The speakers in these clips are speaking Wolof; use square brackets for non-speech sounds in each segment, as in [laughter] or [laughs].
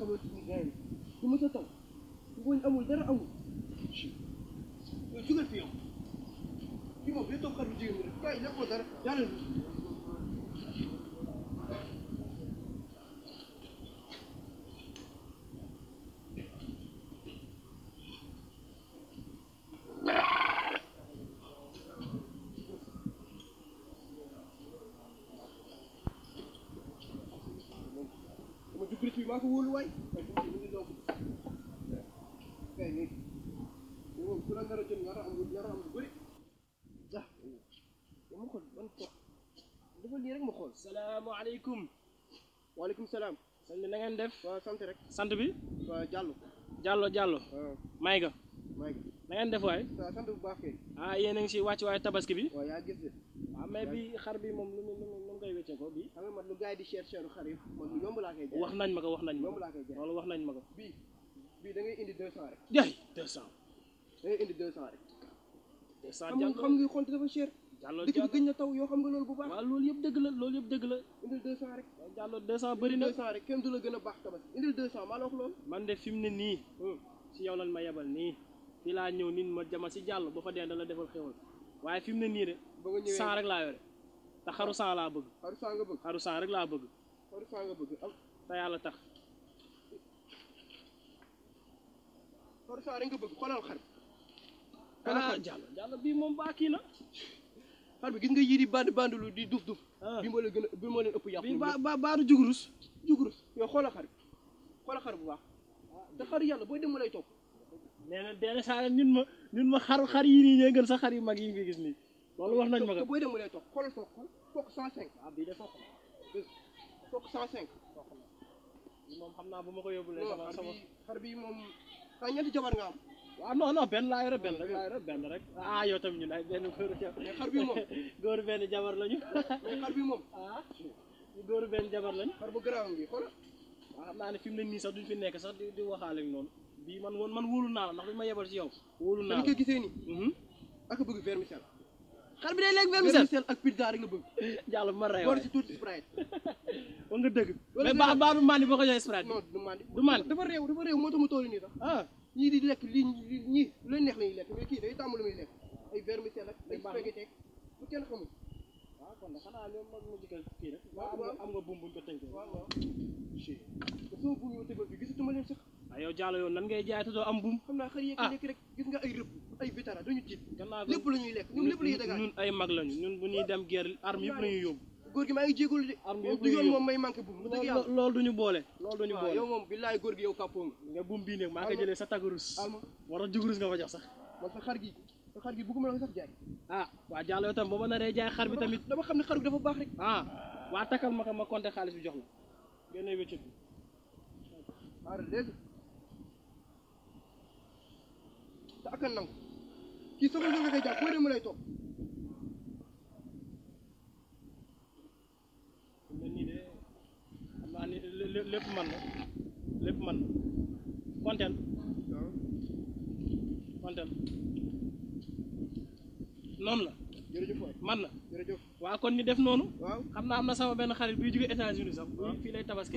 خبرت غالي المتطوع نقول اول درع اول شي شنو الفيهم كيما بيتو خرجوا من الركبه الى قدر يعني wóolu waay dafa lii rek ma xool salaamaaleykum waaleykum salaam sëñ bi na ngeen def waaw sant rek sant bi waaw Diallo Diallo Diallo mayga mayga Layang deh def waay sant bu ah yéen a ngi si wàcc waaye tabaski bi waaw yaa gis ah, bi xar bi moom lu mu lu mu ko bi xam nga man lu di cher cheru xar yi yomb laa koy jaay wax nañ ma ko wax nañ ma ko loolu wax nañ ma ko bii bii da ngay indi deux rek jaay deux ngay indi deux rek deux cent xam nga xont dafa cher jàlloo jàlloo gëñ na taw yoo xam nga loolu bu baax waaw loolu yëpp la la rek na rek du la baax tabaski la wax man de hmm. yow lan ma fii laa ñëw nit ma jama ci jàll bu fa dee da la defal xewal waaye fi mu ne nii de cent rek la yore ta xaru cent la bëgg xaru cent nga bëgg xaru cent rek la bëgg xaru cent nga bëgg ta yalla tax xaru cent rek nga bëgg xolal xar ah jàll jàll bii moom baa kii na xar bi gis nga yiri di band band lu di duf duf ah. bi mo leen gën bi mo leen ëpp yàqu bi ba ba du jugurus jugurus yo xolal xar xolal xar bu baax da xaru yalla boy dem lay topp nee na dee na ñun ma ñun ma xar xar yi nii ñooy gën sa xar yu mag yi nga gis nii loolu wax nañ ma ko. booy dem mu lay xool fokk 105. ah bii de fokk na fokk 105. xam naa bu ma ko yóbbulee. sama sama xar bi moom xar ñetti jabar am. waaw ah, non non benn laa yore benn rek benn rek ah yow tam ñun ay benn góor mais xar bi moom [laughs] góor benn jabar lañu. [laughs] xar moom. ah góor benn jabar lañu. xar bu garaaw bi xoolal. waaw ah, xam naa ne fi mu ne nii sax duñ fi nekk sax di di waxaale noonu. bii man woon man wóolu naa la ndax bi ma yebal si yow. wóolu naa la ko gisee nii. Mhm. ak bëgg vermicelle. xar bi day lekk vermicelle ak pizza rek la bëgg. jàll [laughs] bu ma rey waaye si tuuti sprite. [laughs] wax nga dëgg. mais baax baax du mandi boo ko joxee sprite. non du mandi mu toll ah. la ñuy lekk mais kii day tàmm lu muy lekk ay vermicelle ak ay spaghetti ak bu kenn xamul. waaw ah, kon nag xanaa loolu moom moo jëkkër kii rek. waaw am nga buum buñ ko tënkee. waaw waaw. waaw yow Diallo yow nan ngay jaay te am buum. Ah. nga ay rëbb ay vétérans dañu tiit. lépp la ñuy lekk lépp la ñuy dagaan ñun ay mag lañu ñun bu ñuy dem gi maa ngi jégalu may manqué buum. bu dëgg yàlla loolu duñu boole. loolu duñu boole yow moom billaay góor gi yow kàppoo nga. nga buum a jugurus nga fa jox sax. man sa xar gi sa xar gi bëgguma ah waa Diallo yow tam boo ma naree jaay xar bi tamit. dama xam ne xar bi dafa baax rek. ah waa takkal ma ko ma compter xaalis bi jox la. génne te ak a nangu kii sama nga koy jàpp boo dem lay topp. nii de lépp man na lépp man na fontaine fontaine noonu la jërëjëf waay man na jërëjëf waaw kon ñu def noonu waaw xam naa am na sama benn xarit buy jóge États-Unis sax fii lay tabaski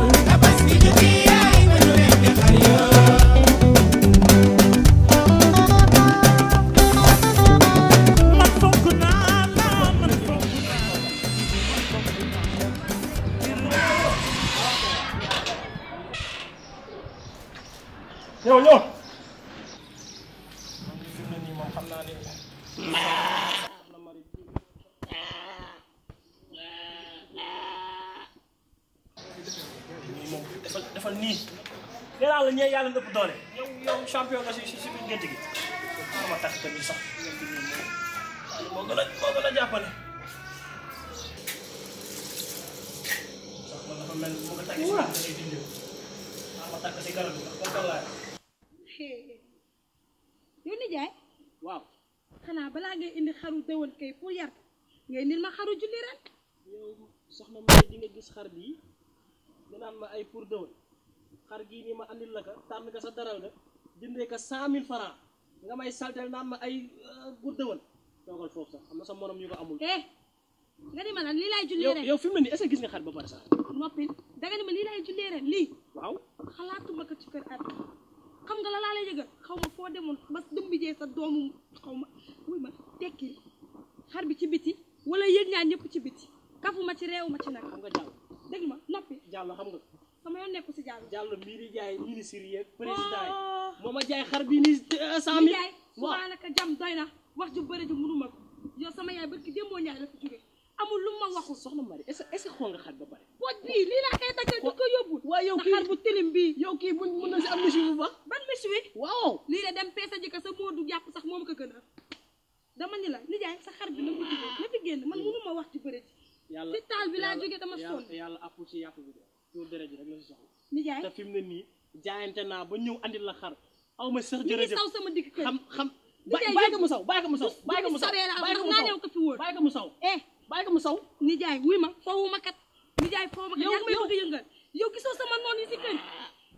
xam naa ne am na mari moom defal defal nii nee naa la champion si si si balaa indi xaru dëwën kay pour yar ngay nil ma xaru julli ren. soxna Mbaye di nga gis xar bii nga naan ma ay pour gii nii ma andil la ko tànn ko sa daral nga jëndee ko cent mille francs nga may saltel naan ma ay euh, pour dëwën toogal foofu sax am na sa morom ñu ko amul. eh nga ni ma lan lii ren yow fi mu ne nii est gis nga xar ba pare sax. noppil danga ni ma lii laay julli ren lii. waaw xalaatuma ko ci kër at. xam nga la laa lay yëgal xaw ma foo demoon ba dëmbijee sa doomu xaw ma wuy ma tekki xar bi ci biti wala yéen ñaar ñëpp ci biti kafu ma ci réew ma ci nag nga jàll dégg ma noppi jàll xam nga sama yoon nekku si jàll jàll mii di jaay ministre yeeg oh. président yi moo ma jaay xar bi ni euh, cent mille jaay subaa naka jam doy na wax ju bëri ji mënu ma ko yow sama yaay barki démboo ñaay la fi jógee amul lu ma waxul soxna Marie est ce est ce xool nga xar ba pare. pooj bii lii la xeet ak du ko yóbbu. waaw yow kii xar bu tilim bii. yow kii buñ mën na si am monsieur bu baax. ban monsieur. waaw lii la dem peese ji ko sa moo du jàpp sax moom ko gën a am. dama ni la nijaay sa xar bi na ko jógee na fi génn man mënu ma wax ci bëre ji. yàlla ci taal bi laa jógee dama sonn. yàlla appul ci yàpp bi de yow rek la si soxla. nijaay te fi mu ne nii jaayante naa ba ñëw andil la xar aw sax jërëjëf saw sama digg xam xam bàyyi ko mu saw bàyyi ko mu saw bàyyi ko mu bàyyi ko mu sow nijaay wuy ma foowuma kat nijaay foowuma kat yaa ngi may bëgg yëngal yow gisoo sama noon yi si kër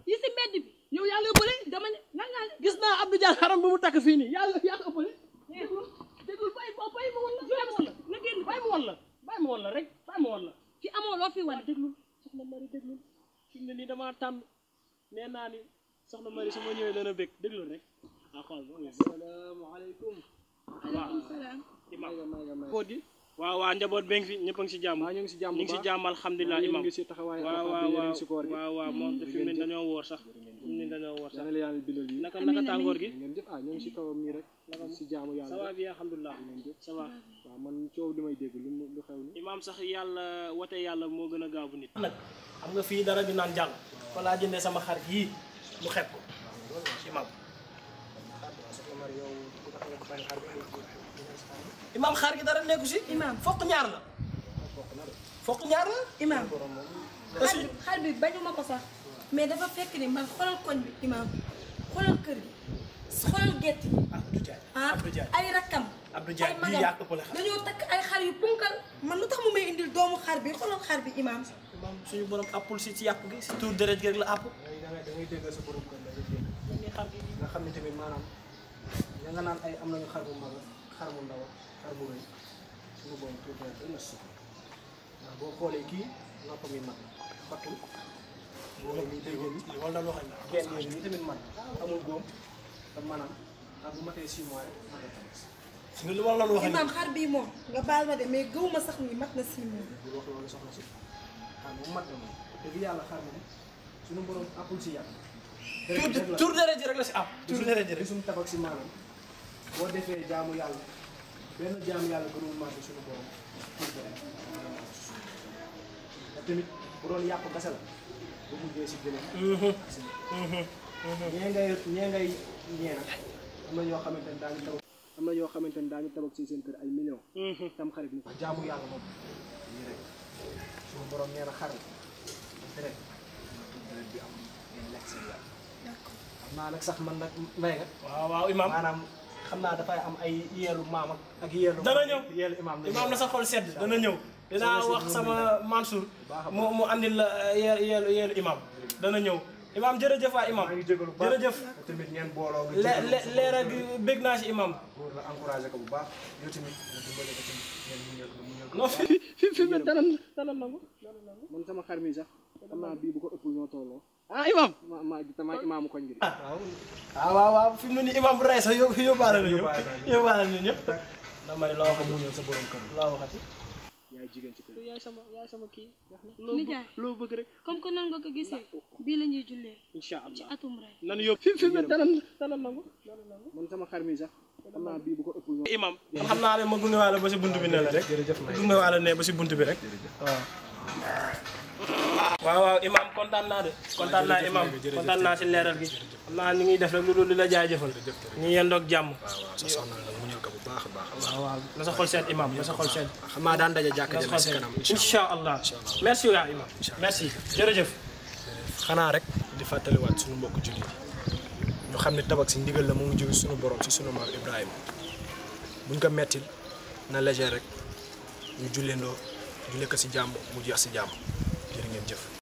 yi si mbedd bi yow yàlla ëppale dama ne lan laa nii yàlla yàlla na génn bàyyi ma woon la bàyyi rek bàyyi ma woon ne naa ni soxna Marie ma ñëwee dana bég déglul rek ah salaam góor gi waaw waaw njaboot ba ngi fi ñëpp a ngi si jàmm ngi si jàmm ñu ngi si jàmm alhamdulilah imam waaw waaw waaw waaw moom te fi mu ne dañoo woor sax fi mu ne dañoo woor sax naka naka tàngoor gi ah ñoo ngi si kawam nii rek si jaamu yàlla ça va bien alhamdulilah waaw man coow li may dégg lu lu xew ni imam sax yàlla wote yàlla moo gën a gaabu nit nag xam nga fii dara ñu naan jàll fa laa jëndee sama xar yii mu xeeb ko imam imaam xaar gi dara nekku si. imaam fokk ñaar la. ñaar la. imaam xar bi xar bi ma ko sax mais dafa fekk ni man xoolal koñ bi imaam xoolal kër gi xoolal gett gi. Ah, ay rakkam. Abdou Ndiaye bii yaa ko la dañoo takk ay xar yu punkal man lu tax mu may indil doomu xar bi xoolal xar bi imaam. suñu borom appul si ci yàpp gi si tur deret gi rek la àpp. da ngay dégg sa borom kon da ngay dégg. nga naan ay am nañu xar xar mu ndaw xar mu rëy suñu borom tuuti na dina si boo xoolee kii noppam yi mat battul wala ñuy déggee ni wala loo xam ne kenn yooyu ñu tamit man amul góom te maanaam ndax bu matee rek matee tamit si nga lu war la loo xam bii moom nga baal ma de mais gëw na six mois bu wax loolu si xar moom mat na moom dëgg yàlla xar moom suñu borom appul si yàlla tour de tour de rajo rek la si am tour de rajo si maanaam boo defee jaamu yàlla benn jaamu yàlla gënul màgg suñu borom pour beneen te ba mujjee si beneen. Mm-hmm. ñee ñoo xamante ne daañu taw am ne daañu tabax si seen kër ay ko mm-hmm. jaamu rek bi am ngeen yàlla. d'accord xam naa nag sax man nag may nga. waaw waaw imaam maanaam. xam naa dafay am ay yeelu maam ak yeelu. dana ñëw yeelu imaam la sa xol sedd dana ñëw. dinaa wax sama Mansour. mu mu andil la eh, yeelu yeelu imaam dana ñëw. imaam jërëjëf waay imaam jërëjëf tamit ngeen booloo le leeral gi bég naa si imaam la encouragé ko bu baax yow tamit non fi fi fi dalam dalam na ko man sama xar mi sax xam naa bii bu ko ëpp ñoo tolloo ah imam ma ma gis sama imaamu koñ bi. ah waaw ah, waaw fi ne nii imam bu rey sax yóbbaale na ñëpp yóbbaale na ñëpp. dama sa borom kër la waxati. yaay jigéen ci sama sama kii. nijaay loo bëgg rek. comme que nan nga ko gisee. bii la ñuy jullee. incha allah ci atum rey. nan yóbbu fi fi mu ne dalal dalal nangu dalal man sama xar mi sax. xam ko ëpp. xam naa ne ma gunge waale ba si buntu bi ne la rek. jërëjëf gunge waale ne ba si bunt bi rek waaw. waaw waaw imaam kontaan naa de kontaan naa imaam kontaan naa si leeral gi xam naa ni ngi def rek lu dul di la jaajëfal ñu yendoog jàmm waaw waaw na sa xol seen imaam na sa xol seen ah, xam naa daan daje jàkk jëm si kanam incha allah merci yaa imaam merci jërëjëf eh, xanaa rek di fàttaliwaat suñu mbokk jullit ñu xam ne tabak si ndigal la mu ngi jóge suñu borom si suñu maam Ibrahima buñ ko mettil na léger rek ñu julleendoo julle ko si jàmm mu jeex si jàmm jërëjëf